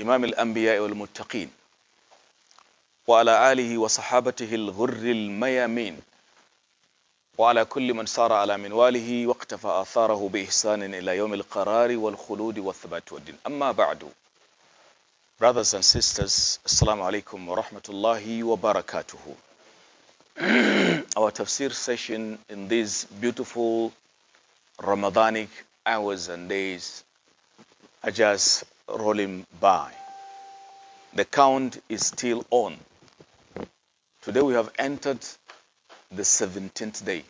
إمام الأنبياء والمتقين وعلى آله وصحابته الغر الميامين وعلى كل من سار على منواله واقتفى آثاره بإحسان إلى يوم القرار والخلود والثبات والدين أما بعد Brothers and sisters, Assalamu alaikum wa rahmatullahi wa barakatuhu. Our tafsir session in these beautiful Ramadanic hours and days I just rolling by. The count is still on. Today we have entered the 17th day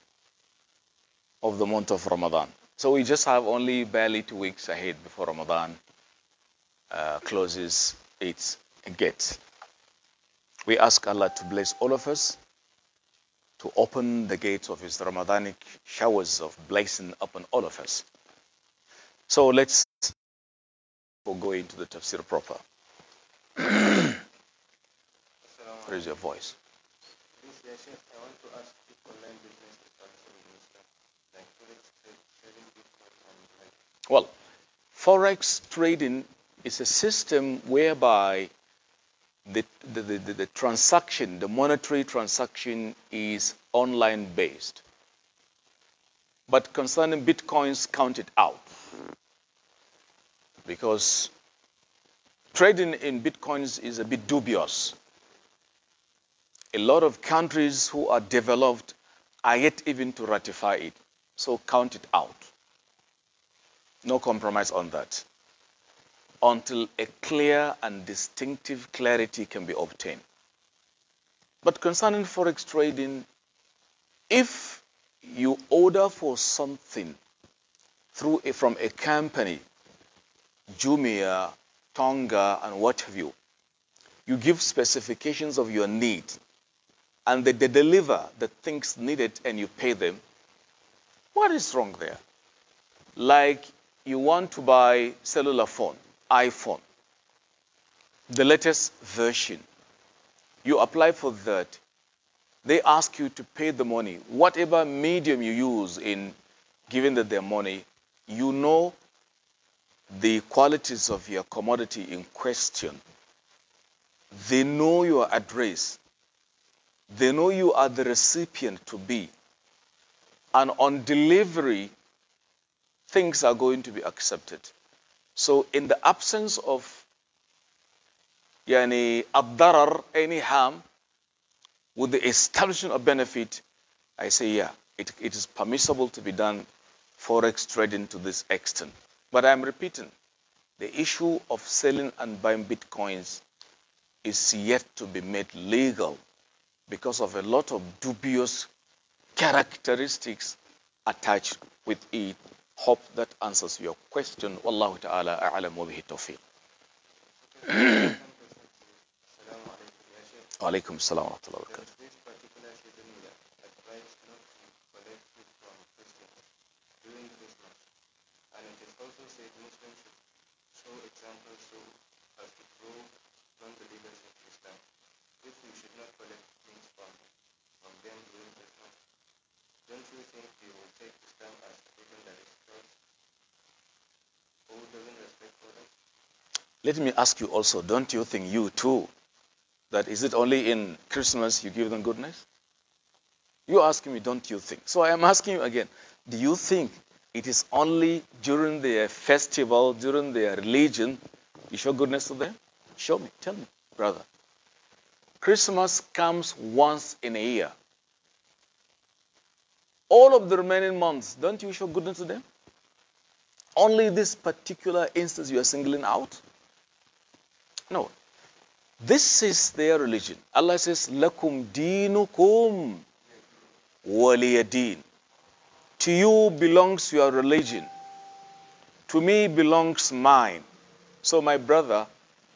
of the month of Ramadan. So we just have only barely two weeks ahead before Ramadan uh, closes its gates. We ask Allah to bless all of us to open the gates of His Ramadanic showers of blessing upon all of us. So let's before going into the tafsir proper. Raise your voice. Well, forex trading is a system whereby the, the, the, the, the transaction, the monetary transaction is online based. But concerning bitcoins, count it out because trading in bitcoins is a bit dubious. A lot of countries who are developed are yet even to ratify it, so count it out. No compromise on that until a clear and distinctive clarity can be obtained. But concerning forex trading, if you order for something through a, from a company Jumia, Tonga, and what have you. You give specifications of your need, and they deliver the things needed and you pay them. What is wrong there? Like you want to buy cellular phone, iPhone, the latest version. You apply for that. They ask you to pay the money. Whatever medium you use in giving them their money, you know the qualities of your commodity in question. They know your address. They know you are the recipient to be. And on delivery, things are going to be accepted. So, in the absence of any abdarar, any harm, with the establishment of benefit, I say, yeah, it, it is permissible to be done forex trading to this extent. But I'm repeating, the issue of selling and buying bitcoins is yet to be made legal because of a lot of dubious characteristics attached with it. Hope that answers your question. Wallahu ta'ala a'lam wa bihi tawfiq. salam wa rahmatullahi wa barakatuh. you think will take as Who doesn't respect for them? Let me ask you also, don't you think you too, that is it only in Christmas you give them goodness? You asking me, don't you think? So I am asking you again, do you think it is only during their festival, during their religion, you show goodness to them? Show me, tell me, brother. Christmas comes once in a year all of the remaining months, don't you show goodness to them? Only this particular instance you are singling out? No. This is their religion. Allah says, Lakum dinukum waliyadin. To you belongs your religion. To me belongs mine. So, my brother,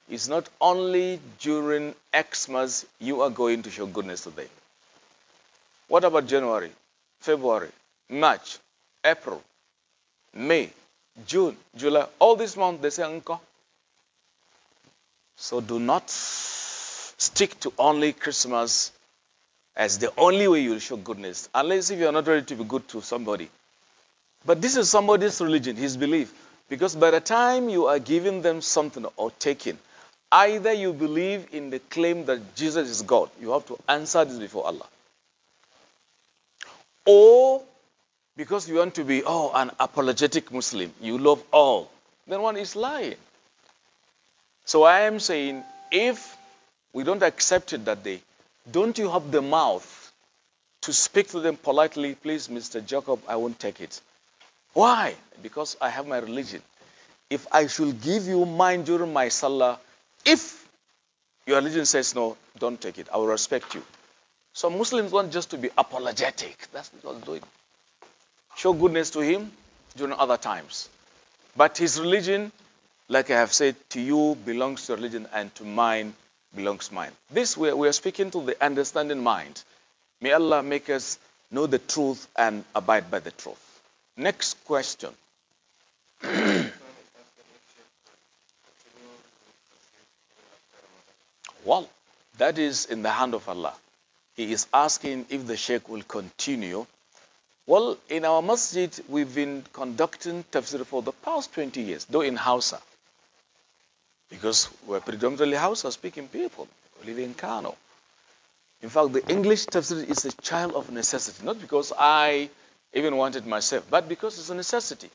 it's not only during Xmas you are going to show goodness to them. What about January? February, March, April, May, June, July, all these months they say Nko. So do not stick to only Christmas as the only way you'll show goodness, unless if you're not ready to be good to somebody. But this is somebody's religion, his belief. Because by the time you are giving them something or taking, either you believe in the claim that Jesus is God, you have to answer this before Allah. Oh, because you want to be, oh, an apologetic Muslim, you love all, then one is lying. So I am saying if we don't accept it that day, don't you have the mouth to speak to them politely, please, Mr. Jacob, I won't take it. Why? Because I have my religion. If I should give you mine during my salah, if your religion says no, don't take it. I will respect you. Some Muslims want just to be apologetic. That's what God's doing. Show goodness to him during other times. But his religion, like I have said, to you belongs to religion and to mine belongs mine. This we are, we are speaking to the understanding mind. May Allah make us know the truth and abide by the truth. Next question. well, that is in the hand of Allah. He is asking if the Sheikh will continue. Well, in our masjid, we've been conducting tafsir for the past 20 years, though in Hausa, because we're predominantly Hausa speaking people living in Kano. In fact, the English tafsir is a child of necessity, not because I even wanted myself, but because it's a necessity.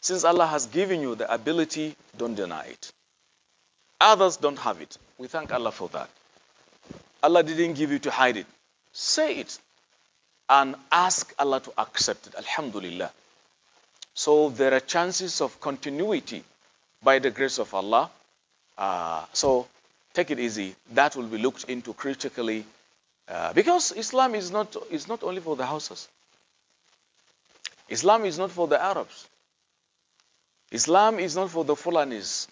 Since Allah has given you the ability, don't deny it. Others don't have it. We thank Allah for that. Allah didn't give you to hide it. Say it and ask Allah to accept it. Alhamdulillah. So there are chances of continuity by the grace of Allah. Uh, so take it easy. That will be looked into critically uh, because Islam is not, is not only for the houses. Islam is not for the Arabs. Islam is not for the Fulanis,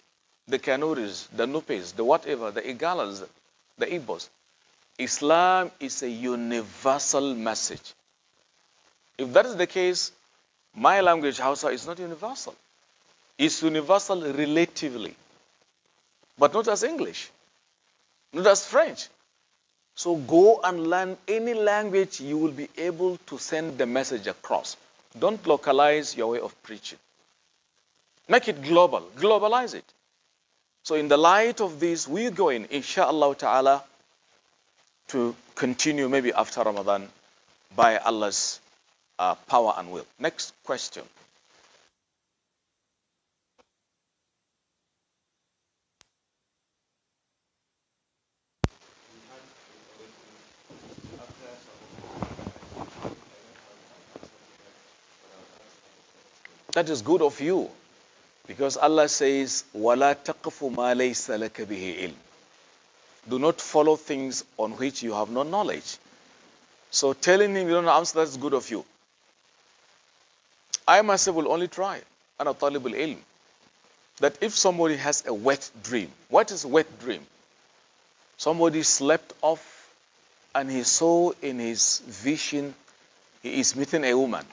the Kanuris, the Nupes, the whatever, the Igalas, the Igbos. Islam is a universal message. If that is the case, my language, Hausa, is not universal. It's universal relatively, but not as English, not as French. So go and learn any language you will be able to send the message across. Don't localize your way of preaching. Make it global. Globalize it. So in the light of this, we're going, inshallah ta'ala, to continue maybe after Ramadan by Allah's uh, power and will. Next question. That is good of you because Allah says, وَلَا تَقْفُ مَا لَيْسَ لَكَ بِهِ إِلْمٍ do not follow things on which you have no knowledge. So telling him you don't answer, that's good of you. I myself will only try, and a talibul ilm, that if somebody has a wet dream, what is wet dream? Somebody slept off and he saw in his vision he is meeting a woman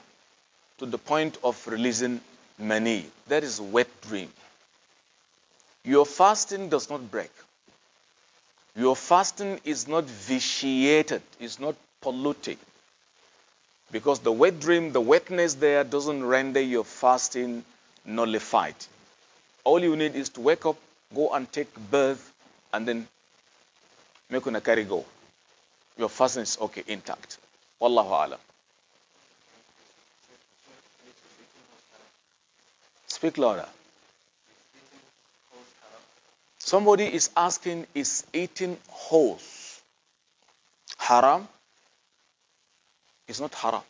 to the point of releasing money. That is wet dream. Your fasting does not break. Your fasting is not vitiated, it's not polluted. Because the wet dream, the wetness there doesn't render your fasting nullified. All you need is to wake up, go and take bath, and then make una carry go. Your fasting is okay, intact. Wallahu alam. Speak louder. Somebody is asking, is eating horse haram? It's not haram,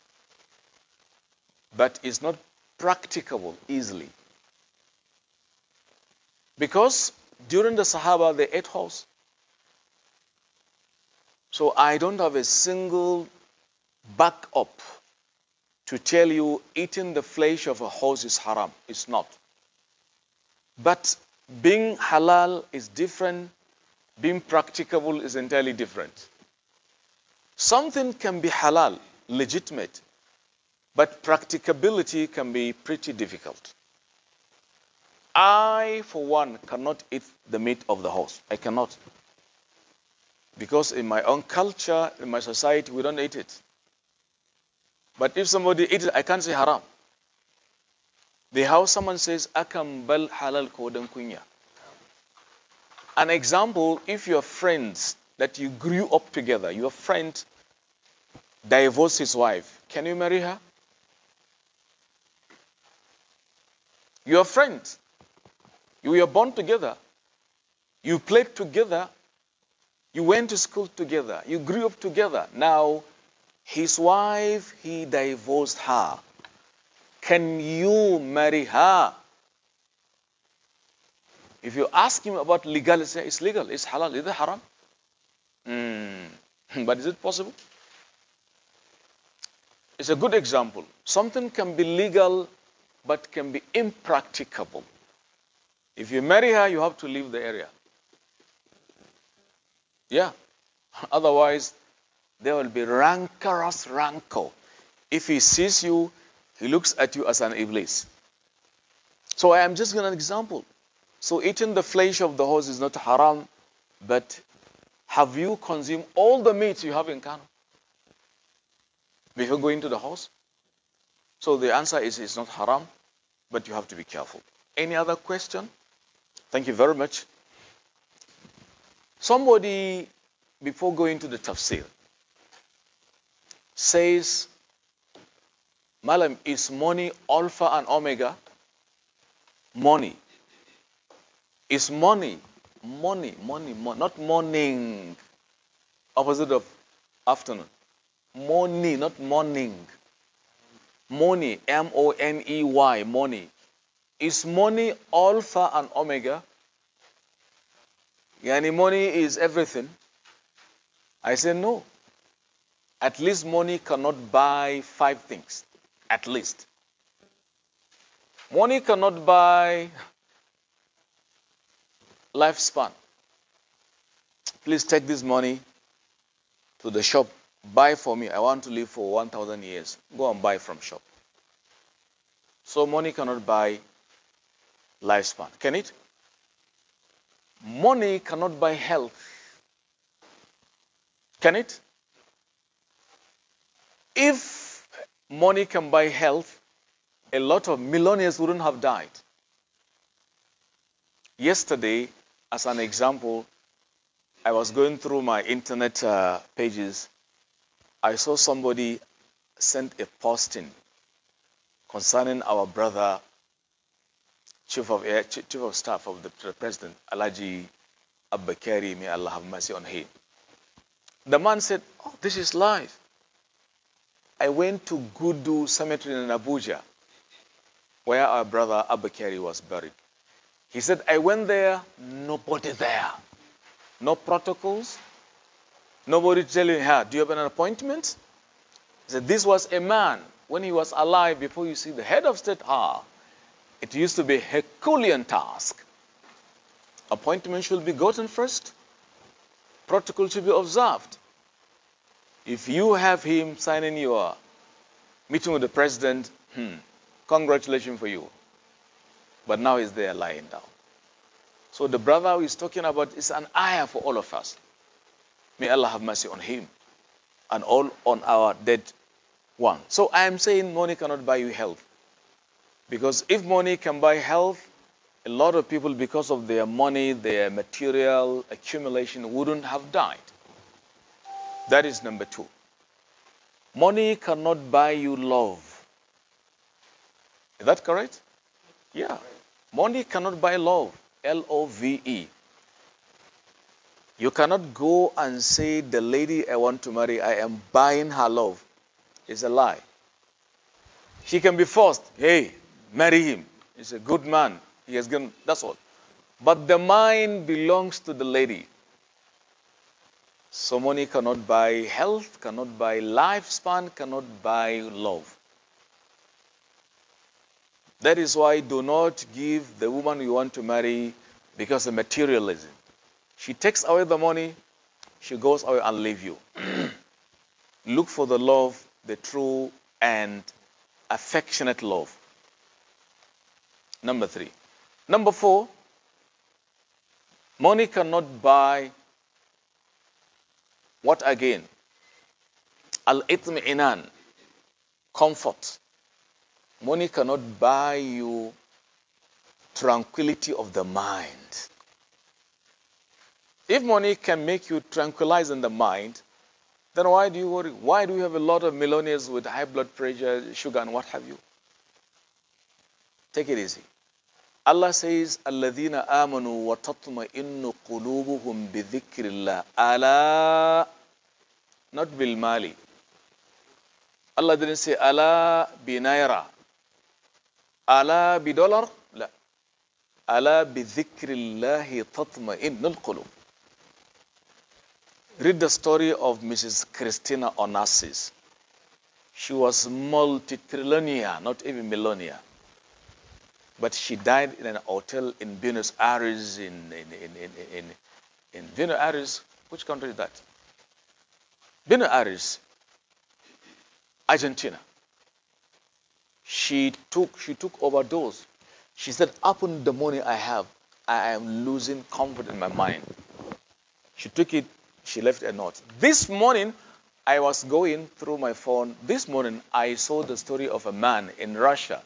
but it's not practicable easily. Because during the Sahaba, they ate horse. So I don't have a single backup to tell you eating the flesh of a horse is haram. It's not. But being halal is different, being practicable is entirely different. Something can be halal, legitimate, but practicability can be pretty difficult. I, for one, cannot eat the meat of the horse. I cannot. Because in my own culture, in my society, we don't eat it. But if somebody eats it, I can't say haram. The Someone says, Akan bal halal kodan kunya. An example, if your friends that you grew up together, your friend divorced his wife, can you marry her? Your friend, you were born together, you played together, you went to school together, you grew up together. Now, his wife, he divorced her. Can you marry her? If you ask him about legal, he it's legal, it's halal, is it haram? Mm. but is it possible? It's a good example. Something can be legal, but can be impracticable. If you marry her, you have to leave the area. Yeah. Otherwise, there will be rancorous rancor. If he sees you, he looks at you as an Iblis. So I am just giving an example. So eating the flesh of the horse is not haram, but have you consumed all the meats you have in can before going to the horse? So the answer is it's not haram, but you have to be careful. Any other question? Thank you very much. Somebody, before going to the tafsir, says Malam, is money alpha and omega? Money. Is money, money, money, money, not morning, opposite of afternoon. Money, not morning. Money, M O N E Y, money. Is money alpha and omega? Yani money is everything. I say no. At least money cannot buy five things at least. Money cannot buy lifespan. Please take this money to the shop. Buy for me. I want to live for 1,000 years. Go and buy from shop. So money cannot buy lifespan. Can it? Money cannot buy health. Can it? If money can buy health, a lot of millionaires wouldn't have died. Yesterday, as an example, I was going through my internet uh, pages. I saw somebody sent a posting concerning our brother, Chief of, Air, Chief of Staff of the President, Alaji Abakari, may Allah have mercy on him. The man said, Oh, this is life. I went to Gudu Cemetery in Abuja, where our brother Abakari was buried. He said, I went there, nobody there. No protocols. Nobody telling her, do you have an appointment? He said, this was a man when he was alive before you see the head of state. Ah, it used to be a Herculean task. Appointment should be gotten first. Protocol should be observed. If you have him signing your meeting with the president, hmm, congratulations for you. But now he's there lying down. So the brother who is talking about is an ayah for all of us. May Allah have mercy on him and all on our dead one. So I am saying money cannot buy you health. Because if money can buy health, a lot of people, because of their money, their material accumulation, wouldn't have died. That is number two. Money cannot buy you love. Is that correct? Yeah. Money cannot buy love. L O V E. You cannot go and say, The lady I want to marry, I am buying her love. It's a lie. She can be forced, Hey, marry him. He's a good man. He has gone. That's all. But the mind belongs to the lady. So money cannot buy health, cannot buy lifespan, cannot buy love. That is why do not give the woman you want to marry because of materialism. She takes away the money, she goes away and leave you. Look for the love, the true and affectionate love. Number three. Number four, money cannot buy what again? al inan comfort. Money cannot buy you tranquility of the mind. If money can make you tranquilize in the mind, then why do you worry? Why do you have a lot of millionaires with high blood pressure, sugar, and what have you? Take it easy. Allah says, "Alladina amanu wa innu qulubuhum bi dhikrillah." Allah not bil mali. Allah didn't say Allah bi naira. Allah bi dollar. لا. bi بذكر الله تطمئن القلوب. Read the story of Mrs. Christina Onassis. She was multi-trillionaire, not even millionaire. But she died in an hotel in Buenos Aires, in, in, in, in, in, in Buenos Aires. Which country is that? Buenos Aires, Argentina. She took, she took overdose. She said, upon the money I have, I am losing comfort in my mind. She took it, she left a note. This morning, I was going through my phone. This morning, I saw the story of a man in Russia,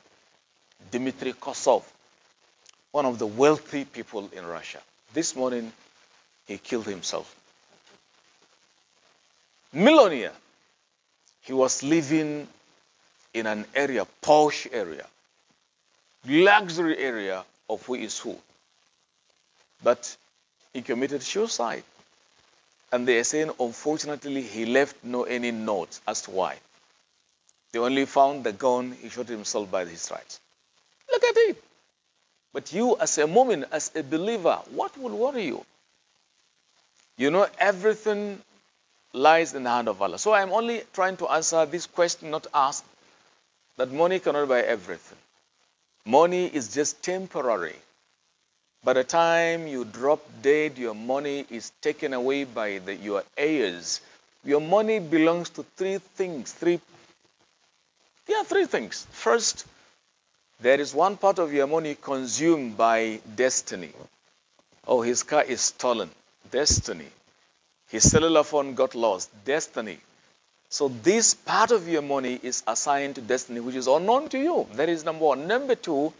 Dmitry Kosov, one of the wealthy people in Russia. This morning, he killed himself millionaire, he was living in an area, posh area, luxury area of who is who. But he committed suicide. And they are saying, unfortunately, he left no any note as to why. They only found the gun, he shot himself by his right. Look at it. But you, as a woman, as a believer, what will worry you? You know, everything lies in the hand of Allah. So I'm only trying to answer this question, not ask that money cannot buy everything. Money is just temporary. By the time you drop dead, your money is taken away by the, your heirs. Your money belongs to three things. Three, yeah, three things. First, there is one part of your money consumed by destiny. Oh, his car is stolen. Destiny. His cellular phone got lost. Destiny. So this part of your money is assigned to destiny, which is unknown to you. That is number one. Number two,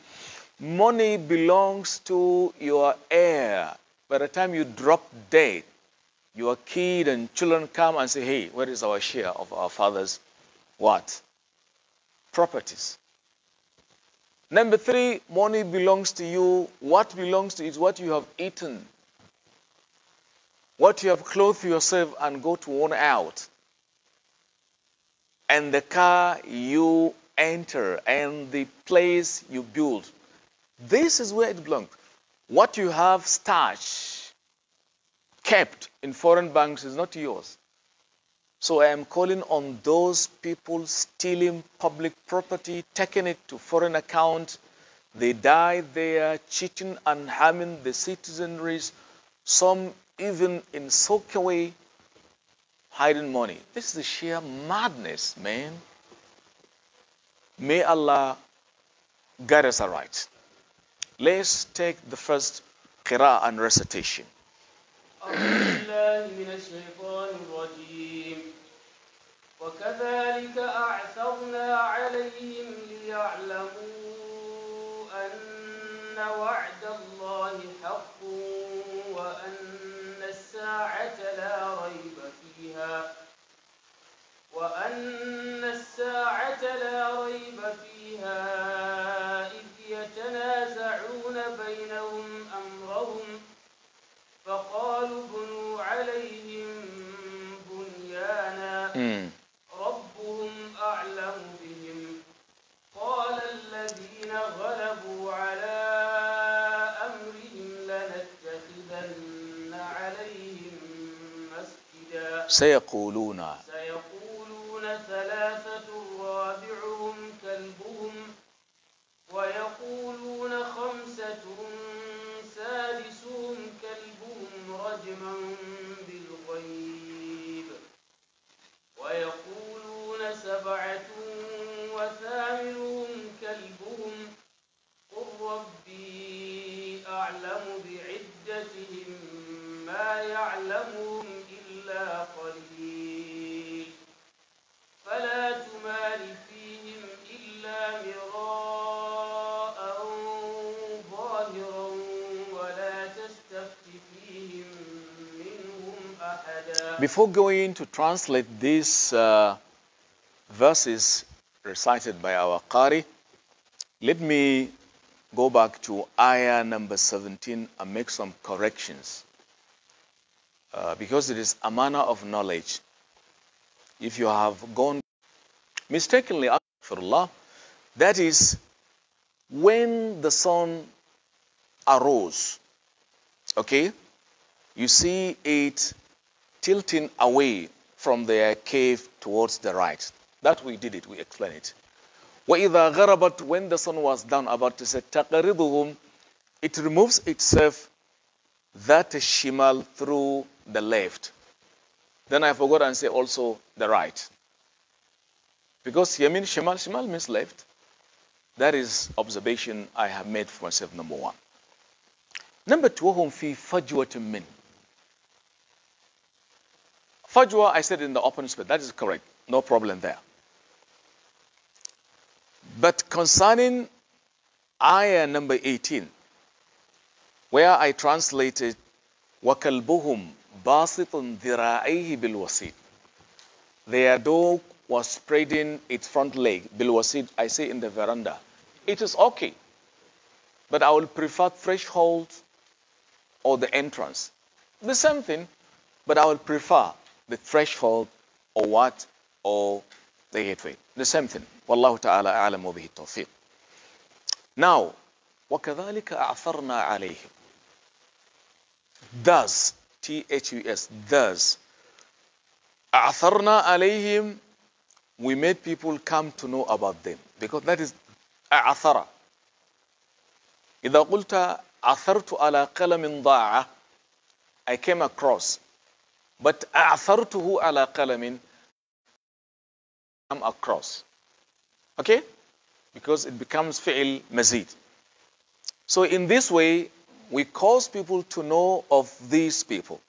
money belongs to your heir. By the time you drop dead, your kid and children come and say, hey, where is our share of our father's what? Properties. Number three, money belongs to you. What belongs to you is what you have eaten what you have clothed yourself and got worn out, and the car you enter, and the place you build. This is where it belongs. What you have stashed, kept in foreign banks is not yours. So I am calling on those people stealing public property, taking it to foreign account. They die there, cheating and harming the citizenries. Some even in such a way hiding money. This is sheer madness, man. May Allah guide us aright. Let's take the first qira and recitation. وكذلك أعثرنا عليهم ليعلموا أن وعد الله حق لا ريب فيها وأن الساعة لا ريب فيها إذ يتنازعون بينهم أمرهم فقالوا ابنوا سيقولون سيقولون ثلاثة رابعهم كلبهم ويقولون خمسة سادسهم كلبهم رجما بالغيب ويقولون سبعة وثامنهم كلبهم قل ربي أعلم بعدتهم ما يعلمون قليل فلا تمال فيهم إلا مراء ظاهرا ولا تستفت فيهم منهم أحدا Before going to translate these uh, verses recited by our Qari, let me go back to ayah number 17 and make some corrections. Uh, because it is a manner of knowledge. If you have gone mistakenly for Allah, that is when the sun arose, okay, you see it tilting away from their cave towards the right. That we did it, we explained it. وَإِذَا غَرَبَتْ When the sun was down about to set, تَقَرِضُهُمْ It removes itself that is shimal through the left. Then I forgot and say also the right. Because yamin shimal, shimal means left. That is observation I have made for myself, number one. Number two, whom fi to min. Fajwa, I said in the open space. That is correct. No problem there. But concerning ayah number 18, where I translated "wakalbuhum Basitun dira'ihi bilwasid," Their dog was spreading its front leg, bilwasid, I say in the veranda. It is okay, but I will prefer threshold or the entrance. The same thing, but I will prefer the threshold or what or the gateway. The same thing. Wallahu ta'ala a'lamu bihi tawfiq. Now, وَكَذَلِكَ أَعْثَرْنَا عَلَيْهِمْ thus T-H-U-S, thus. A'tharna alayhim, we made people come to know about them. Because that is أعثر. إذا قلت عثرت ala qalamin daa, I came across but ala على قلم come across okay because it becomes فعل mazid. so in this way we cause people to know of these people.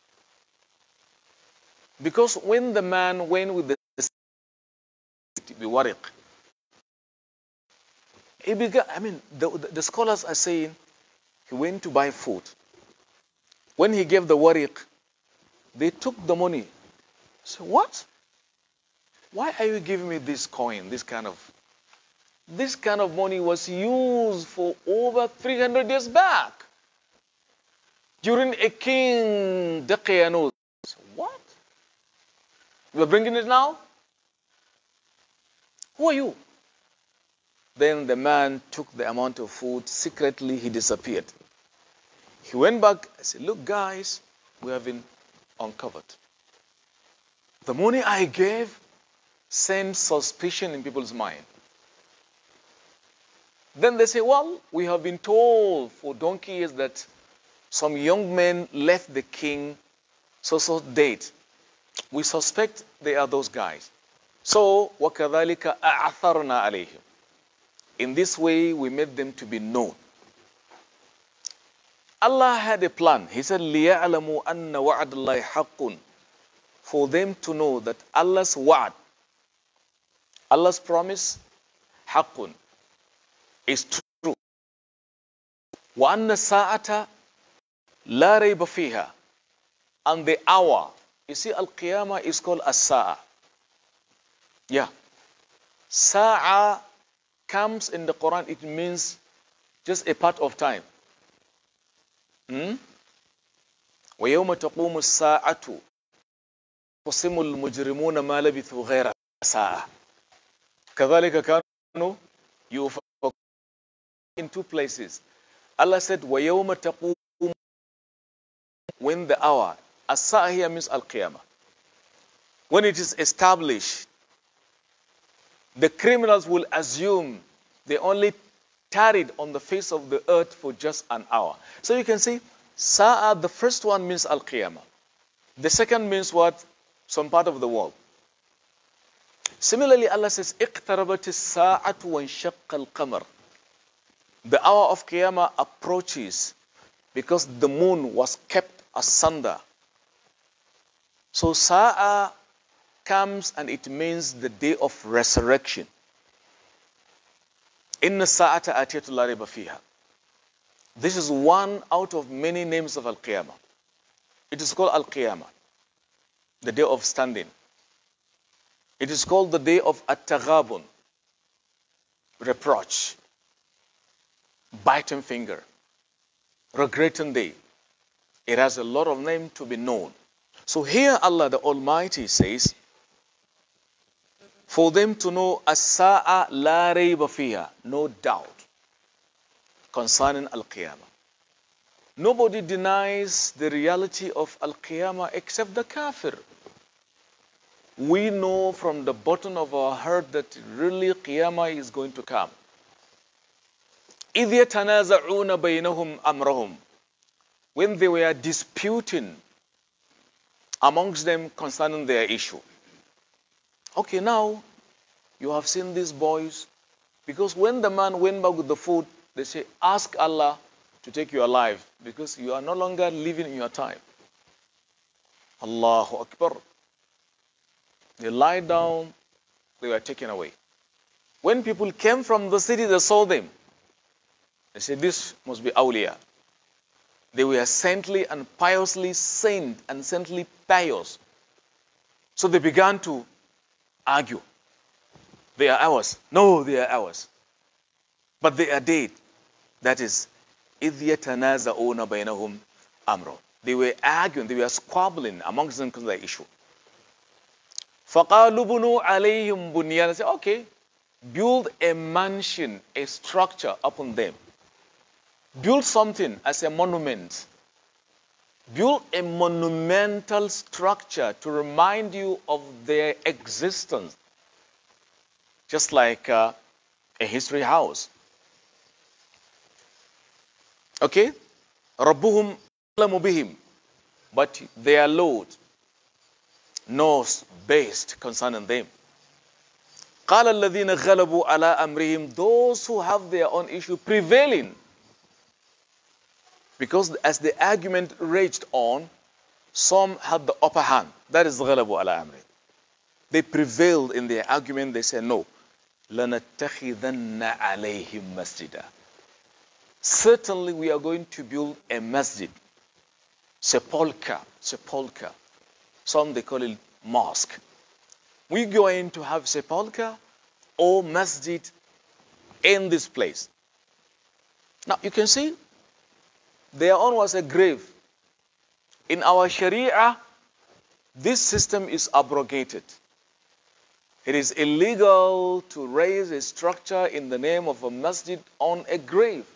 Because when the man went with the Biwariq, he began, I mean, the, the, scholars are saying he went to buy food. When he gave the wariq, they took the money. So what? Why are you giving me this coin, this kind of, this kind of money was used for over 300 years back during a king Dekianos. What? You are bringing it now? Who are you? Then the man took the amount of food. Secretly, he disappeared. He went back and said, Look, guys, we have been uncovered. The money I gave sent suspicion in people's mind. Then they say, Well, we have been told for donkey years that some young men left the king so so dead. We suspect they are those guys. So وَكَذَلِكَ أَعْثَرْنَا عَلَيْهِمْ In this way we made them to be known. Allah had a plan. He said, لِيَعْلَمُوا أَنَّ وَعْدَ اللَّهِ hakun," For them to know that Allah's wa'ad, Allah's promise, hakun, is true. anna sa'ata. لا ريب فيها and the hour you see al-qiyamah is called as-sa'a yeah sa'a comes in the Quran it means just a part of time hmm? ويوم تقوم الساعة قسم المجرمون ما لبثوا غير ساعة كذلك كانوا يوفقون in two places Allah said ويوم تقوم when the hour, as here means al-qiyamah, when it is established, the criminals will assume they only tarried on the face of the earth for just an hour. So you can see, Sa'a, the first one means Al-Qiyamah. The second means what? Some part of the world. Similarly, Allah says, اقتربت الساعة وانشق القمر. The hour of Qiyamah approaches because the moon was kept asunder. So Sa'a comes and it means the day of resurrection. Inna Sa'ata Atiyatu La Fiha. This is one out of many names of Al-Qiyamah. It is called Al-Qiyamah, the day of standing. It is called the day of At-Taghabun, reproach, biting finger, regretting day. It has a lot of name to be known. So here Allah the Almighty says, for them to know asaa la rayba fiha, no doubt concerning al-qiyamah. Nobody denies the reality of al-qiyamah except the kafir. We know from the bottom of our heart that really qiyamah is going to come. إذ يتنازعون بينهم أمرهم when they were disputing amongst them concerning their issue. Okay, now you have seen these boys because when the man went back with the food, they say, Ask Allah to take you alive because you are no longer living in your time. Allahu Akbar. They lie down, they were taken away. When people came from the city, they saw them. They said, This must be awliya. They were saintly and piously saint and saintly pious. So they began to argue. They are ours. No, they are ours. But they are dead. That is, إِذْ بَيْنَهُمْ amro. They were arguing, they were squabbling amongst them because of the issue. فَقَالُوا عَلَيْهِمْ بُنْيَانًا Say, okay, build a mansion, a structure upon them. Build something as a monument. Build a monumental structure to remind you of their existence. Just like uh, a history house. Okay? Rabbuhum bihim. But their Lord knows best concerning them. قال الذين غلبوا على أمرهم those who have their own issue prevailing because as the argument raged on, some had the upper hand. That is ghalabu على amri. They prevailed in their argument. They said, no. لَنَتَّخِذَنَّ عَلَيْهِمْ مَسْجِدًا Certainly we are going to build a masjid. Sepulchre, sepulchre. Some they call it mosque. We're going to have sepulchre or masjid in this place. Now you can see their own was a grave. In our Sharia, this system is abrogated. It is illegal to raise a structure in the name of a masjid on a grave.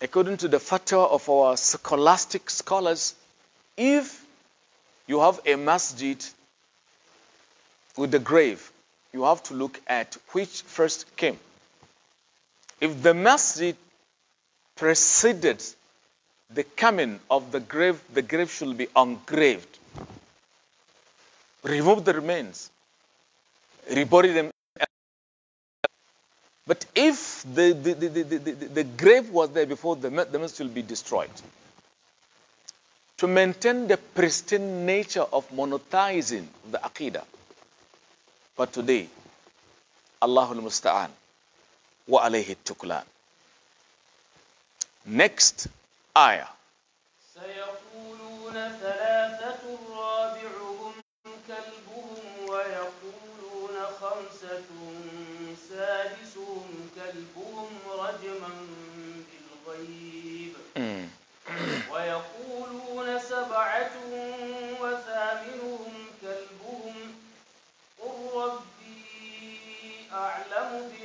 According to the fatwa of our scholastic scholars, if you have a masjid with a grave, you have to look at which first came. If the masjid preceded the coming of the grave, the grave should be ungraved. Remove the remains, rebury them. But if the, the, the, the, the grave was there before, the, the will be destroyed. To maintain the pristine nature of monetizing the Aqidah. But today, Allahul Musta'an wa alayhi tuklan. Next ayah. سيقولون ثلاثة رابعهم كلبهم ويقولون خمسة سادسهم كلبهم رجما بالغيب hmm. ويقولون سبعة وثامنهم كلبهم قل ربي أعلم بهم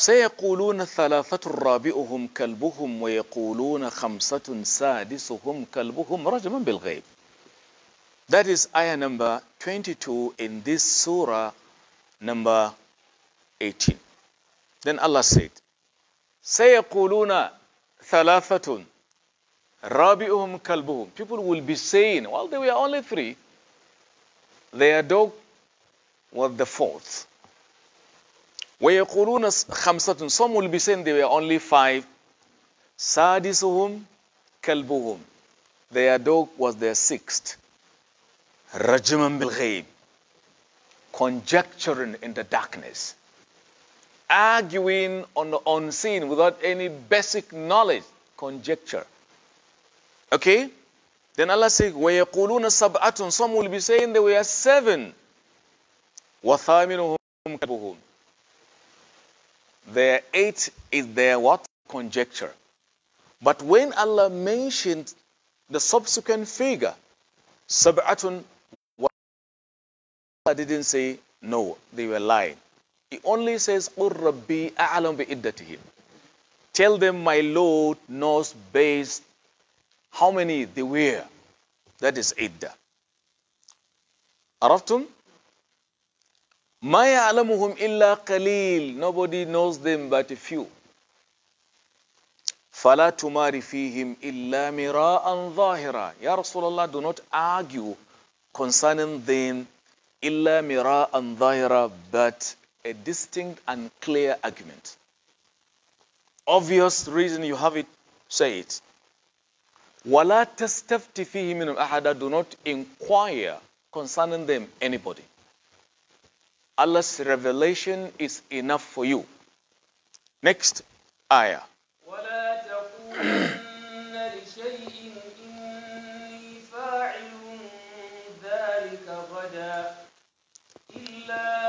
سيقولون ثلاثة رابعهم كلبهم ويقولون خمسة سادسهم كلبهم رجما بالغيب That is ayah number 22 in this surah number 18. Then Allah said, سيقولون ثلاثة رابعهم كلبهم. People will be saying, well, they were only three. Their dog was the fourth. ويقولون خمسة some will be saying they were only five سادسهم كلبهم their dog was their sixth رجما بالغيب conjecturing in the darkness arguing on the unseen without any basic knowledge conjecture okay then Allah says وَيَقُولُونَ سَبْعَةٌ some will be saying they were seven وَثَامِنُهُمْ كَلْبُهُمْ there eight is their what? Conjecture. But when Allah mentioned the subsequent figure, Sab'atun, Allah didn't say no, they were lying. He only says, Rabbi a'lam bi him." Tell them my Lord knows best how many they were. That is idda. Araftum? Ma ya'lamuhum illa qalil. Nobody knows them but a few. فَلَا تُمَارِ فِيهِمْ إِلَّا مِرَاءً ظَاهِرًا Ya Rasulullah, do not argue concerning them إِلَّا مِرَاءً ظَاهِرًا but a distinct and clear argument. Obvious reason you have it, say it. وَلَا تَسْتَفْتِ فِيهِ مِنْهُمْ أَحَدًا Do not inquire concerning them, anybody. Allah's revelation is enough for you. Next ayah. إلا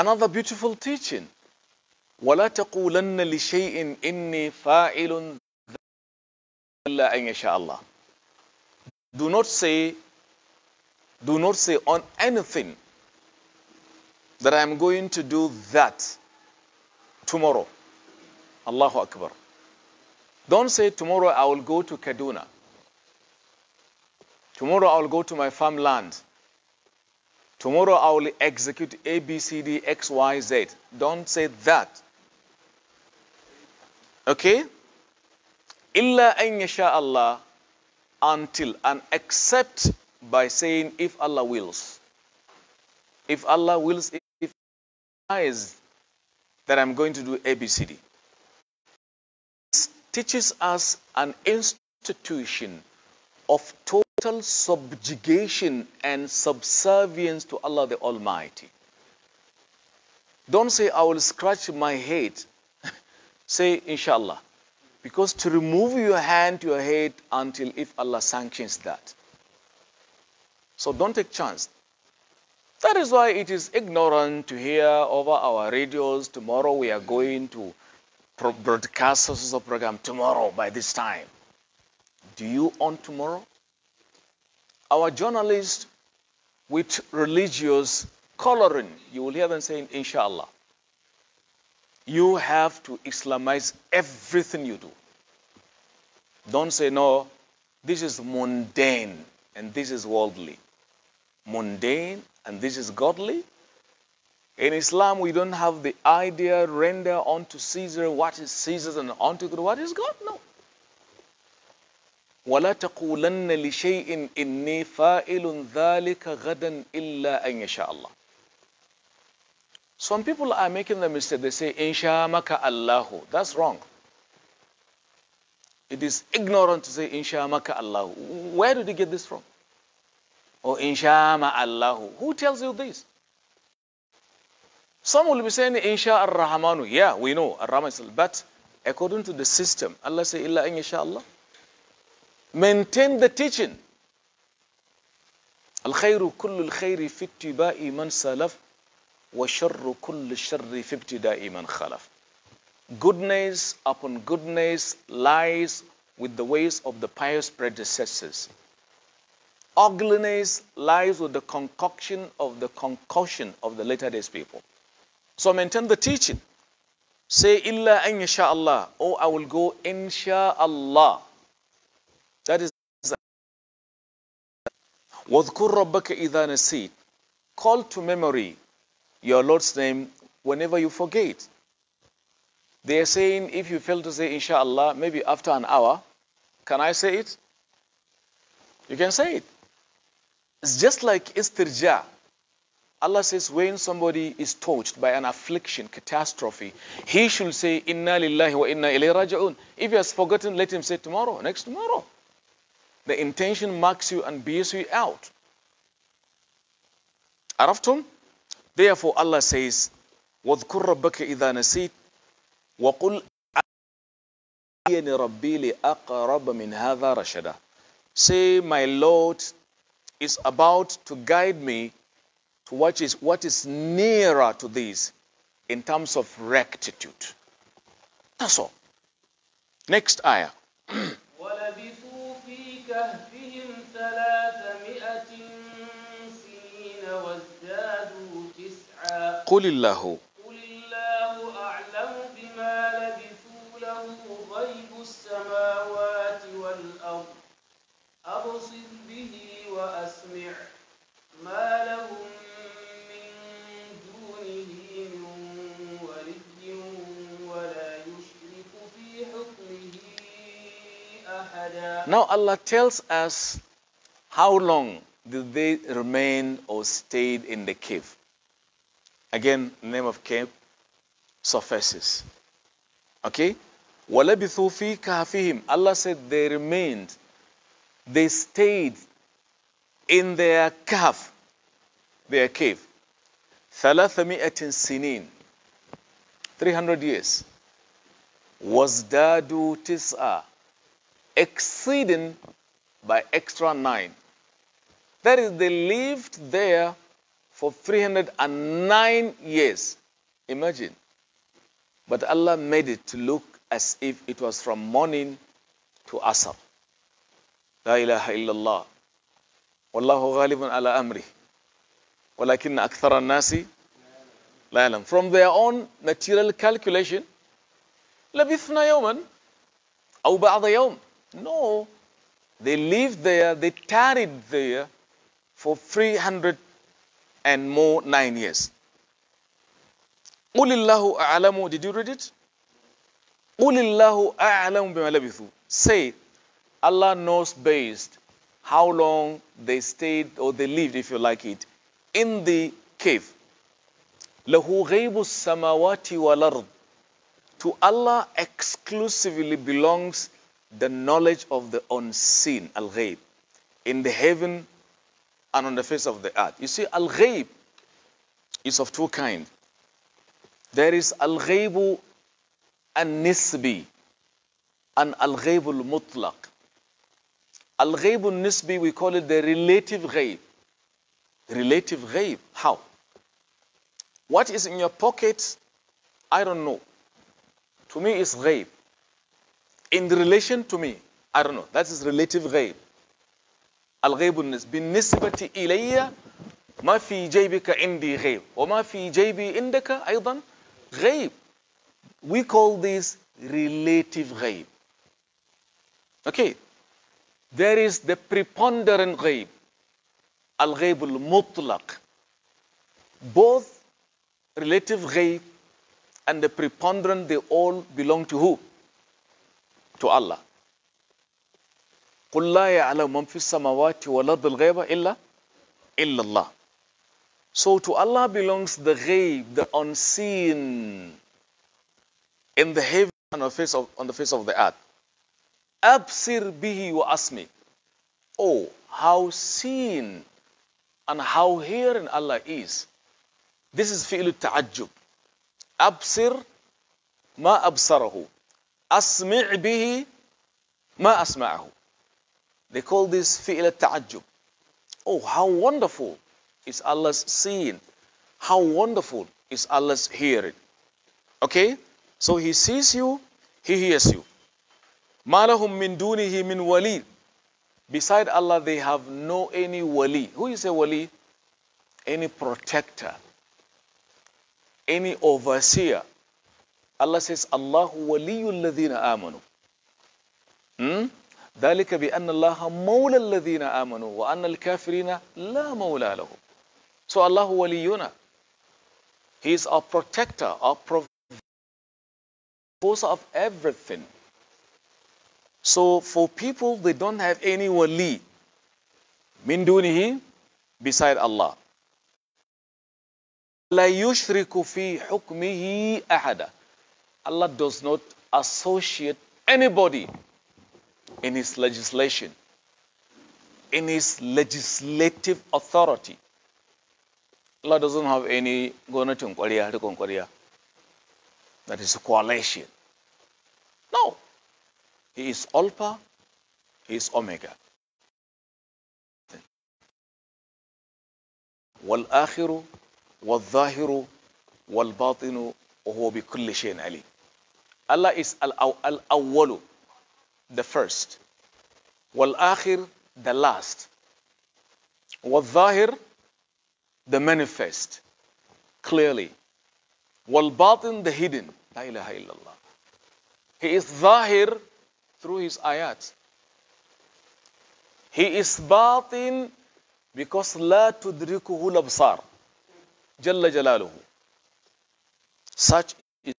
Another beautiful teaching. وَلَا تَقُولَنَّ لِشَيْءٍ إِنِّي فَاعِلٌ إِلَّا أَنْ يَشَاءَ اللَّهُ Do not say, do not say on anything that I am going to do that tomorrow. Allahu Akbar. Don't say tomorrow I will go to Kaduna. Tomorrow I will go to my farmland. Tomorrow I will execute A, B, C, D, X, Y, Z. Don't say that. Okay? Illa an yasha Allah until and except by saying if Allah wills. If Allah wills, if Allah is that I'm going to do ABCD. This teaches us an institution of total subjugation and subservience to Allah the Almighty. Don't say, I will scratch my head. say, inshallah. Because to remove your hand to your head until if Allah sanctions that. So don't take chance. That is why it is ignorant to hear over our radios, tomorrow we are going to broadcast a program tomorrow by this time. Do you on tomorrow? our journalists with religious coloring. You will hear them saying, Inshallah. You have to Islamize everything you do. Don't say, no, this is mundane and this is worldly. Mundane and this is godly. In Islam, we don't have the idea render unto Caesar what is Caesar's and unto God what is God. No. ولا تقولن لشيء إني فائل ذلك غدا إلا أن يشاء الله Some people are making the mistake. They say, "Insha'Allah." That's wrong. It is ignorant to say, "Insha'Allah." Allahu. Where did you get this from? Or "Insha'Allah." Allahu. Who tells you this? Some will be saying, "Insha'Allah." Rahmanu. Yeah, we know. Ar But according to the system, Allah say, Illa in maintain the teaching الخير كل الخير في اتباع من سلف وشر كل الشر في ابتداء من خلف goodness upon goodness lies with the ways of the pious predecessors ugliness lies with the concoction of the concoction of the later days people so maintain the teaching say illa an oh I will go Insha'Allah. That what وَذْكُرْ رَبَّكَ إِذَا نَسِيتَ Call to memory your Lord's name whenever you forget. They are saying if you fail to say inshallah, maybe after an hour, can I say it? You can say it. It's just like istirja. Allah says when somebody is touched by an affliction, catastrophe, he should say inna lillahi wa inna ilayhi rāja'ūn. If he has forgotten, let him say tomorrow, next tomorrow. The intention marks you and bears you out. عرفتم؟ Therefore Allah says, واذكر ربك إذا نسيت وقل ربي لأقرب من هذا رشدا. Say, my Lord is about to guide me to what is, what is nearer to this in terms of rectitude. That's all. Next ayah. قل الله قل الله أعلم بما لبثوا له غيب السماوات والأرض أبصر به وأسمع ما لهم من دونه من ولي ولا يشرك في حكمه أحدا Now Allah tells us how long did they remain or stayed in the cave. Again, name of camp surfaces. Okay? وَلَبِثُوا فِي كَهْفِهِمْ Allah said they remained. They stayed in their calf, their cave. ثَلَاثَمِئَةٍ sinin, 300 years. Was dadu تِسْعَةً Exceeding by extra nine. That is, they lived there for 309 years. Imagine. But Allah made it to look as if it was from morning to asr. La ilaha illallah. Wallahu ghalibun ala amri. Walakin akthara nasi la yalam. From their own material calculation, labithna yawman aw ba'da yawm. No. They lived there, they tarried there for 300 and more nine years. Ulillahu a'lamu. Did you read it? Ulillahu a'lamu bima labithu. Say, Allah knows best how long they stayed or they lived, if you like it, in the cave. Lahu ghaybu samawati wal To Allah exclusively belongs the knowledge of the unseen, al-ghayb, in the heaven and on the face of the earth. You see, al ghayb is of two kinds. There is al-ghaibu an-nisbi and al-ghaibu al-mutlaq. Al-ghaibu nisbi we call it the relative ghayb. Relative ghayb. How? What is in your pocket? I don't know. To me, it's ghayb. In relation to me, I don't know. That is relative ghayb. الغيب النسب بالنسبة إلي ما في جيبك عندي غيب وما في جيبي عندك أيضا غيب we call this relative غيب okay there is the preponderant غيب الغيب المطلق both relative غيب and the preponderant they all belong to who to Allah قل لا يعلم من في السماوات والأرض الغيب إلا إلا الله So to Allah belongs the ghayb, the unseen in the heaven and on the face of, on the, face of the earth. Absir bihi wa asmi. Oh, how seen and how hearing Allah is. This is fi'l ta'ajjub. Absir ma absarahu. Asmi' bihi ma asma'ahu. They call this fi'l ta'ajjub. Oh, how wonderful is Allah's seeing. How wonderful is Allah's hearing. Okay? So he sees you, he hears you. Malahum min dunihi min wali. Beside Allah, they have no any wali. Who is a wali? Any protector, any overseer. Allah says, Allahu waliyul ladina amanu. Hmm? ذلك بأن الله مولى الذين آمنوا وأن الكافرين لا مولى لهم So Allah waliyuna. He is our protector, our provider of everything. So for people, they don't have any wali. من دونه beside Allah. لا يشرك في حكمه أحدا. Allah does not associate anybody in his legislation, in his legislative authority. Allah doesn't have any gwamnatin kwariya, that is a coalition. No. He is Alpha, he is Omega. والآخر والظاهر والباطن وهو بكل شيء عليم. Allah is al the first. Wal-akhir, the last. Wal-zahir, the manifest, clearly. Wal-batin, the hidden. La ilaha illallah. He is zahir through his ayat. He is batin because لا تدركه الأبصار جل جلاله. Such is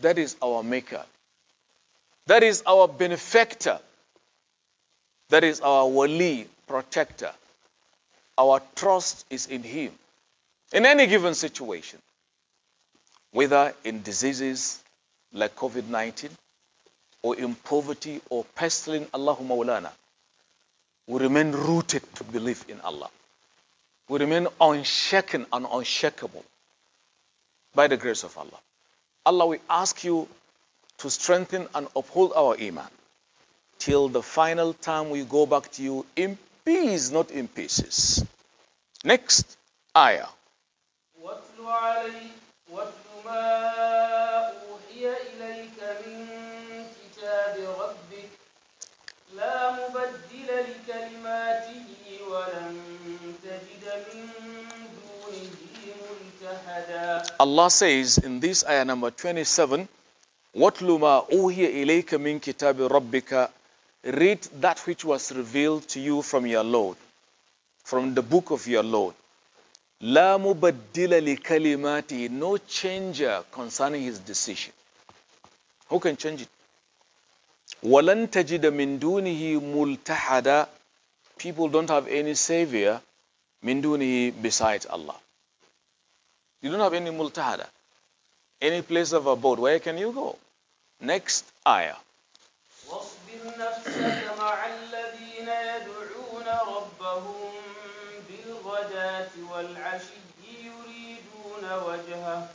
that is our maker. That is our benefactor. That is our wali, protector. Our trust is in him. In any given situation, whether in diseases like COVID 19, or in poverty, or pestilence, Allahumma Mawlana, we remain rooted to believe in Allah. We remain unshaken and unshakable by the grace of Allah. Allah, we ask you to strengthen and uphold our iman till the final time we go back to you in peace, not in pieces. Next ayah. Allah says in this ayah number 27 وَاتْلُ مَا أُوهِيَ إِلَيْكَ مِنْ كِتَابِ رَبِّكَ Read that which was revealed to you from your Lord, from the book of your Lord. لَا مُبَدِّلَ لِكَلِمَاتِهِ No changer concerning his decision. Who can change it? وَلَن تَجِدَ مِن دُونِهِ مُلْتَحَدًا People don't have any savior mindunihi dunihi besides Allah. You don't have any multahada, any place of abode. Where can you go? Next ayah. واصبر نفسك مع الذين يدعون ربهم بالغداة والعشي يريدون وجهه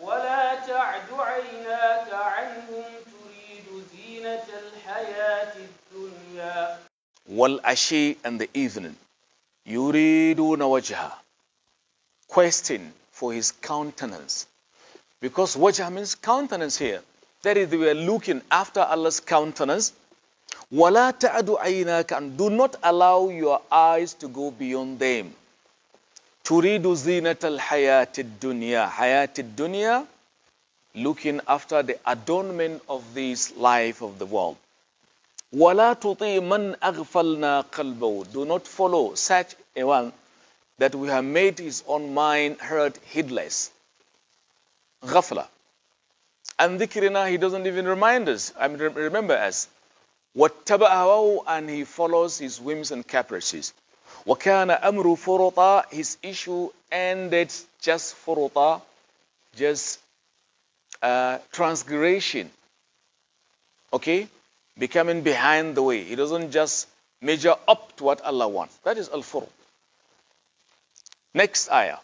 ولا تعد عيناك عنهم تريد زينة الحياة الدنيا والعشي and the evening يريدون وجهه question for his countenance because wajah means countenance here that is, we are looking after Allah's countenance. وَلَا تَعْدُ عَيْنَاكَ And do not allow your eyes to go beyond them. تُرِيدُ زِينَةَ الْحَيَاةِ الدُّنْيَا حَيَاةِ الدُّنْيَا Looking after the adornment of this life of the world. وَلَا تُطِي مَنْ أَغْفَلْنَا قَلْبَهُ Do not follow such a one that we have made his own mind heard heedless. غَفْلَةً and dhikrina, he doesn't even remind us, I mean, remember us. What هَوَاهُ And he follows his whims and caprices. Wakana amru forota, His issue ended just furuta, just uh, transgression. Okay? Becoming behind the way. He doesn't just measure up to what Allah wants. That is al-furu. Next ayah.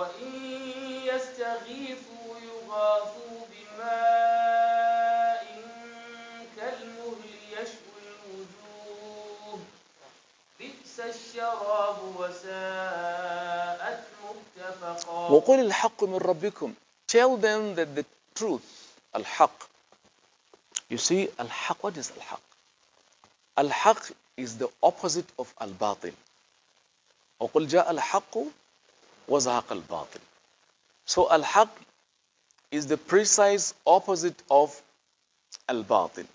وإن كالمهل بئس الشراب وساءت وقل الحق من ربكم Tell them that the truth, الحق You see, الحق what is الحق الحق is the opposite of الباطل وقل جاء الحق وزهق الباطل. So al-haq is the precise opposite of al-batil.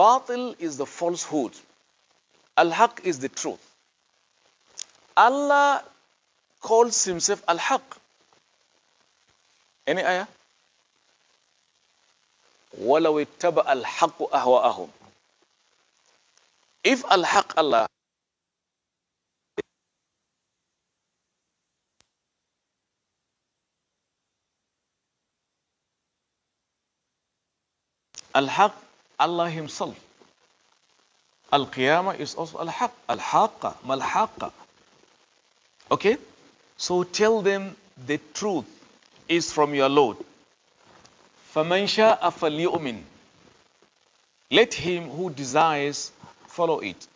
Batil is the falsehood. Al-haq is the truth. Allah calls himself al-haq. Any ayah? وَلَوِ اتَّبَأَ الْحَقُّ أَهْوَأَهُمْ If al-haq Allah Al-Haq, Allah Himself. Al-Qiyamah is also Al-Haq. al الحق Okay? So tell them the truth is from your Lord. فَمَنْ شَاءَ فَلْيُؤْمِنْ Let him who desires follow it.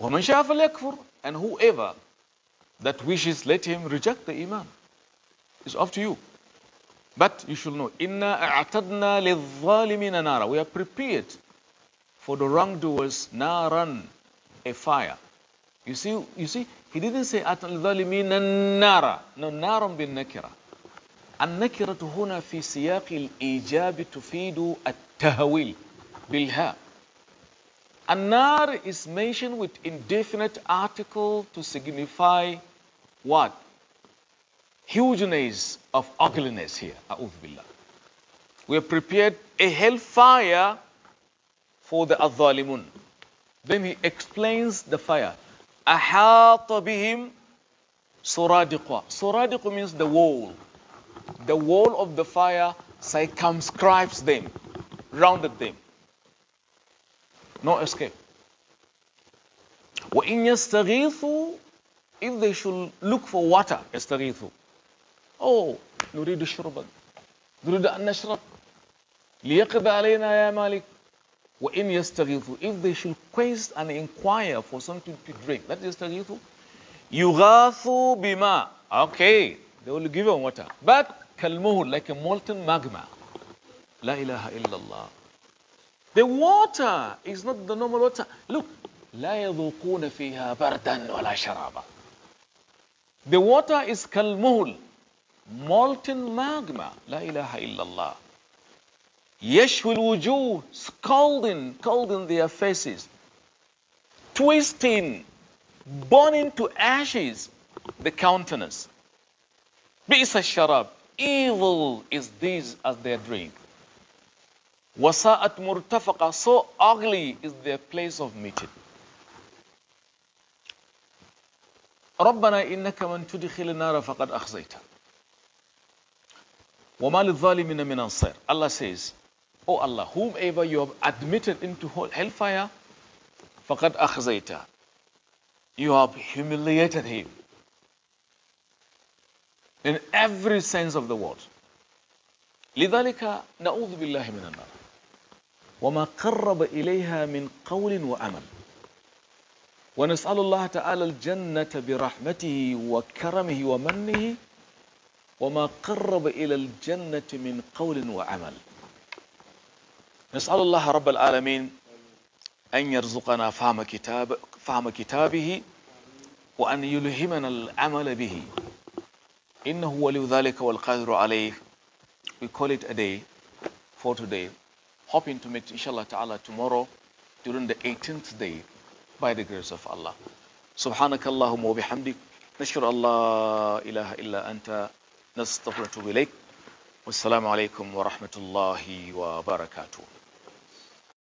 وَمَنْ شَاءَ فَلْيَكْفُرْ And whoever that wishes, let him reject the Iman. It's up to you. But you should know, inna a'tadna lidhalimina nara. We are prepared for the wrongdoers naran, a fire. You see, you see, he didn't say al-dhalimina nara. No, naran bin nakira. النكرة هنا في سياق الإيجاب تفيد التهويل بالها. النار is mentioned with indefinite article to signify what? hugeness of ugliness here. We have prepared a hellfire for the Azalimun. Then he explains the fire. أحاط بهم سرادقها سرادق means the wall the wall of the fire circumscribes them rounded them no escape وإن يستغيثوا if they should look for water يستغيثوا أوه نريد شربا نريد أن نشرب ليقض علينا يا مالك وإن يستغيثوا if they should quest and inquire for something to drink that is يستغيثوا يغاثوا بما okay they will give them water but kalmuhul like a molten magma لا إله إلا الله the water is not the normal water look لا يذوقون فيها بردا ولا شرابا the water is kalmuhul molten magma لا إله إلا الله يشوي الوجوه scalding scalding their faces twisting burning to ashes the countenance بئس الشراب evil is this as their drink وساءت مرتفقة so ugly is their place of meeting ربنا إنك من تدخل النار فقد أخزيته وَمَا لِلظَّالِمِينَ مِنْ أَنصَارٍ Allah says, oh Allah, whomever you have admitted into hellfire, فَقَدْ أَخْزَيْتَ You have humiliated him in every sense of the word. لذلك نعوذ بالله من النار وما قرب إليها من قول وعمل ونسأل الله تعالى الجنة برحمته وكرمه ومنه وما قرب إلى الجنة من قول وعمل نسأل الله رب العالمين أن يرزقنا فهم, كتاب فهم كتابه وأن يلهمنا العمل به إنه ولي ذلك والقادر عليه We call it a day for today hoping to meet inshallah ta'ala tomorrow during the 18th day by the grace of Allah سبحانك اللهم وبحمدك نشكر الله إله إلا أنت نستغفرك والسلام عليكم ورحمة الله وبركاته